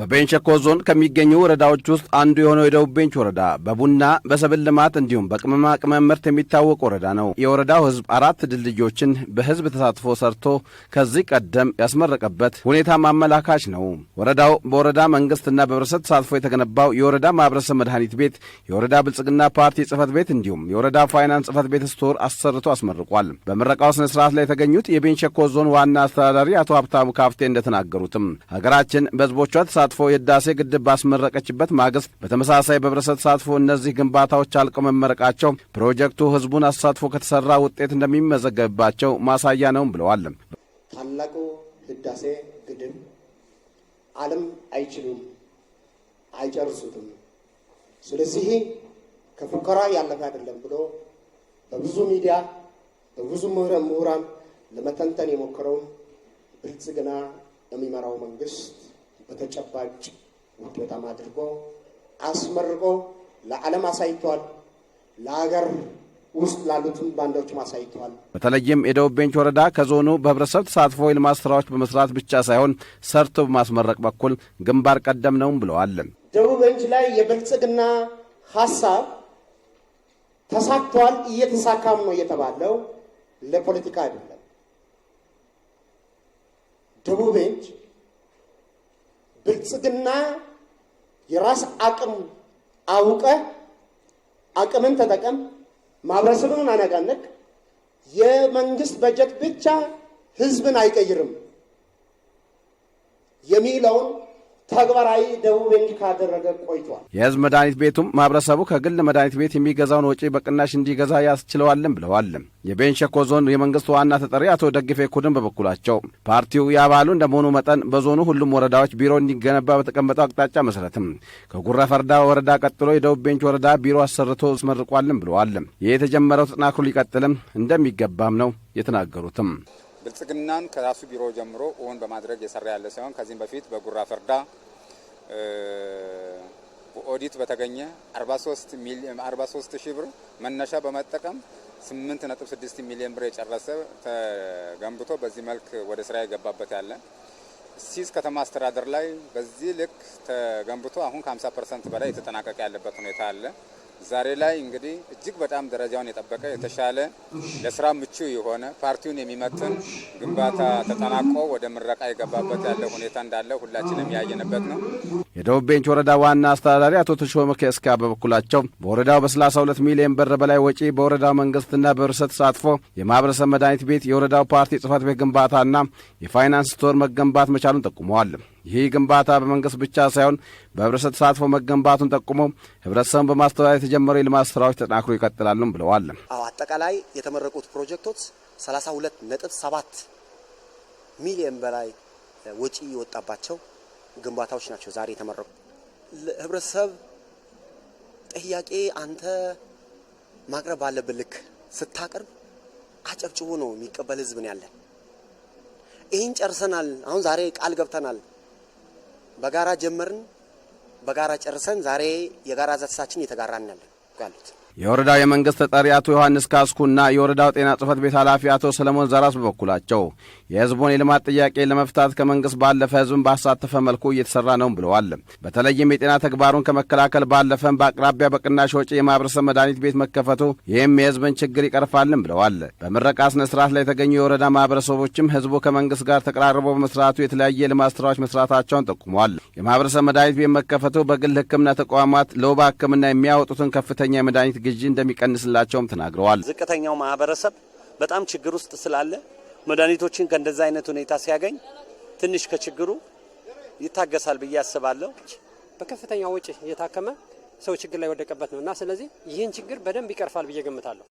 በቤንች ሸኮ ዞን ከሚገኙ ወረዳዎች ውስጥ አንዱ የሆነው የደቡብ ቤንች ወረዳ በቡና በሰብል ልማት እንዲሁም በቅመማ ቅመም ምርት የሚታወቅ ወረዳ ነው። የወረዳው ሕዝብ አራት ድልድዮችን በሕዝብ ተሳትፎ ሰርቶ ከዚህ ቀደም ያስመረቀበት ሁኔታ ማመላካች ነው። ወረዳው በወረዳ መንግስትና በህብረተሰብ ተሳትፎ የተገነባው የወረዳ ማህበረሰብ መድኃኒት ቤት፣ የወረዳ ብልጽግና ፓርቲ ጽህፈት ቤት እንዲሁም የወረዳ ፋይናንስ ጽህፈት ቤት ስቶር አሰርቶ አስመርቋል። በምረቃው ስነ ስርዓት ላይ የተገኙት የቤንች ሸኮ ዞን ዋና አስተዳዳሪ አቶ ሀብታሙ ካፍቴ እንደተናገሩትም ሀገራችን በህዝቦቿ ተሳትፎ የህዳሴ ግድብ ባስመረቀችበት ማግስት በተመሳሳይ በህብረተሰብ ተሳትፎ እነዚህ ግንባታዎች አልቀው መመረቃቸው ፕሮጀክቱ ህዝቡን አሳትፎ ከተሰራ ውጤት እንደሚመዘገብባቸው ማሳያ ነውም ብለዋል። ታላቁ ህዳሴ ግድብ ዓለም አይችሉም አይጨርሱትም፣ ስለዚህ ከፉከራ ያለፈ አይደለም ብሎ በብዙ ሚዲያ በብዙ ምሁራን ለመተንተን የሞከረውን ብልጽግና የሚመራው መንግስት በተጨባጭ ውጤታም አድርጎ አስመርቆ ለዓለም አሳይቷል። ለሀገር ውስጥ ላሉትም ባንዳዎችም አሳይተዋል። በተለይም የደቡብ ቤንች ወረዳ ከዞኑ በህብረተሰብ ተሳትፎ የልማት ስራዎች በመስራት ብቻ ሳይሆን ሰርቶ በማስመረቅ በኩል ግንባር ቀደም ነውም ብለዋል። ደቡብ ቤንች ላይ የብልጽግና ሀሳብ ተሳክቷል፣ እየተሳካም ነው እየተባለው ለፖለቲካ አይደለም። ደቡብ ቤንች ብልጽግና የራስ አቅም አውቀ አቅምን ተጠቀም፣ ማህበረሰብን አነቃነቅ። የመንግስት በጀት ብቻ ህዝብን አይቀይርም የሚለውን ተግባራዊ ደቡብ እንጂ ካደረገ ቆይቷል። የህዝብ መድኃኒት ቤቱም ማህበረሰቡ ከግል መድኃኒት ቤት የሚገዛውን ወጪ በቅናሽ እንዲገዛ ያስችለዋልን ብለዋል። የቤንሸኮ ዞን የመንግስት ዋና ተጠሪ አቶ ደግፌ ኩድን በበኩላቸው ፓርቲው የአባሉ እንደመሆኑ መጠን በዞኑ ሁሉም ወረዳዎች ቢሮ እንዲገነባ በተቀመጠው አቅጣጫ መሰረትም ከጉራ ፈርዳ ወረዳ ቀጥሎ የደቡብ ቤንች ወረዳ ቢሮ አሰርቶ አስመርቋልም ብለዋል። ይህ የተጀመረው ተጠናክሮ ሊቀጥልም እንደሚገባም ነው የተናገሩትም። ብልጽግናን ከራሱ ቢሮ ጀምሮ እውን በማድረግ የሰራ ያለ ሲሆን ከዚህም በፊት በጉራ ፈርዳ ኦዲት በተገኘ 43 ሺህ ብር መነሻ በመጠቀም 8.6 ሚሊዮን ብር የጨረሰ ተገንብቶ በዚህ መልክ ወደ ስራ የገባበት ያለ ሲስ ከተማ አስተዳደር ላይ በዚህ ልክ ተገንብቶ አሁን ከ50 ፐርሰንት በላይ የተጠናቀቀ ያለበት ሁኔታ አለ። ዛሬ ላይ እንግዲህ እጅግ በጣም ደረጃውን የጠበቀ የተሻለ ለስራ ምቹ የሆነ ፓርቲውን የሚመጥን ግንባታ ተጠናቆ ወደ ምረቃ የገባበት ያለ ሁኔታ እንዳለ ሁላችንም ያየንበት ነው። የደቡብ ቤንች ወረዳ ዋና አስተዳዳሪ አቶ ተሾመ ከስካ በበኩላቸው በወረዳው በ ሁለት ሚሊዮን ብር በላይ ወጪ በወረዳው መንግስትና በርዕሰ ተሳትፎ የማህበረሰብ መድኃኒት ቤት፣ የወረዳው ፓርቲ ጽህፈት ቤት ግንባታና የፋይናንስ ስቶር መገንባት መቻሉን ጠቁመዋል። ይህ ግንባታ በመንግስት ብቻ ሳይሆን በህብረተሰብ ተሳትፎ መገንባቱን ጠቁሞ ህብረተሰቡን በማስተባበር የተጀመሩ የልማት ስራዎች ተጠናክሮ ይቀጥላሉም ብለዋል። አዎ አጠቃላይ የተመረቁት ፕሮጀክቶች 32 ነጥብ 7 ሚሊዮን በላይ ወጪ የወጣባቸው ግንባታዎች ናቸው ዛሬ የተመረቁ። ህብረተሰብ ጥያቄ አንተ ማቅረብ ባለብህ ልክ ስታቀርብ አጨብጭቦ ነው የሚቀበል ህዝብ ያለ። ይህን ጨርሰናል። አሁን ዛሬ ቃል ገብተናል። በጋራ ጀመርን፣ በጋራ ጨርሰን ዛሬ የጋራ ዛትሳችን እየተጋራን ያለን የወረዳው የመንግሥት ተጠሪ አቶ ዮሐንስ ካስኩና የወረዳው ጤና ጽህፈት ቤት ኃላፊ አቶ ሰለሞን ዘራስ በበኩላቸው የሕዝቡን የልማት ጥያቄ ለመፍታት ከመንግሥት ባለፈ ሕዝብን ባሳተፈ መልኩ እየተሠራ ነው ብለዋል። በተለይም የጤና ተግባሩን ከመከላከል ባለፈም በአቅራቢያ በቅናሽ ወጪ የማኅበረሰብ መድኃኒት ቤት መከፈቱ ይህም የሕዝብን ችግር ይቀርፋልም ብለዋል። በምረቃ ስነ ስርዓት ላይ የተገኙ የወረዳ ማኅበረሰቦችም ሕዝቡ ከመንግሥት ጋር ተቀራርቦ በመሥራቱ የተለያየ የልማት ሥራዎች መሥራታቸውን ጠቁመዋል። የማኅበረሰብ መድኃኒት ቤት መከፈቱ በግል ህክምና ተቋማት ለወባ ህክምና የሚያወጡትን ከፍተኛ የመድኃኒት ግዢ እንደሚቀንስላቸውም ተናግረዋል። ዝቅተኛው ማህበረሰብ በጣም ችግር ውስጥ ስላለ መድኃኒቶችን ከእንደዛ አይነት ሁኔታ ሲያገኝ ትንሽ ከችግሩ ይታገሳል ብዬ አስባለሁ። በከፍተኛ ወጪ እየታከመ ሰው ችግር ላይ ወደቀበት ነው እና ስለዚህ ይህን ችግር በደንብ ይቀርፋል ብዬ ገምታለሁ።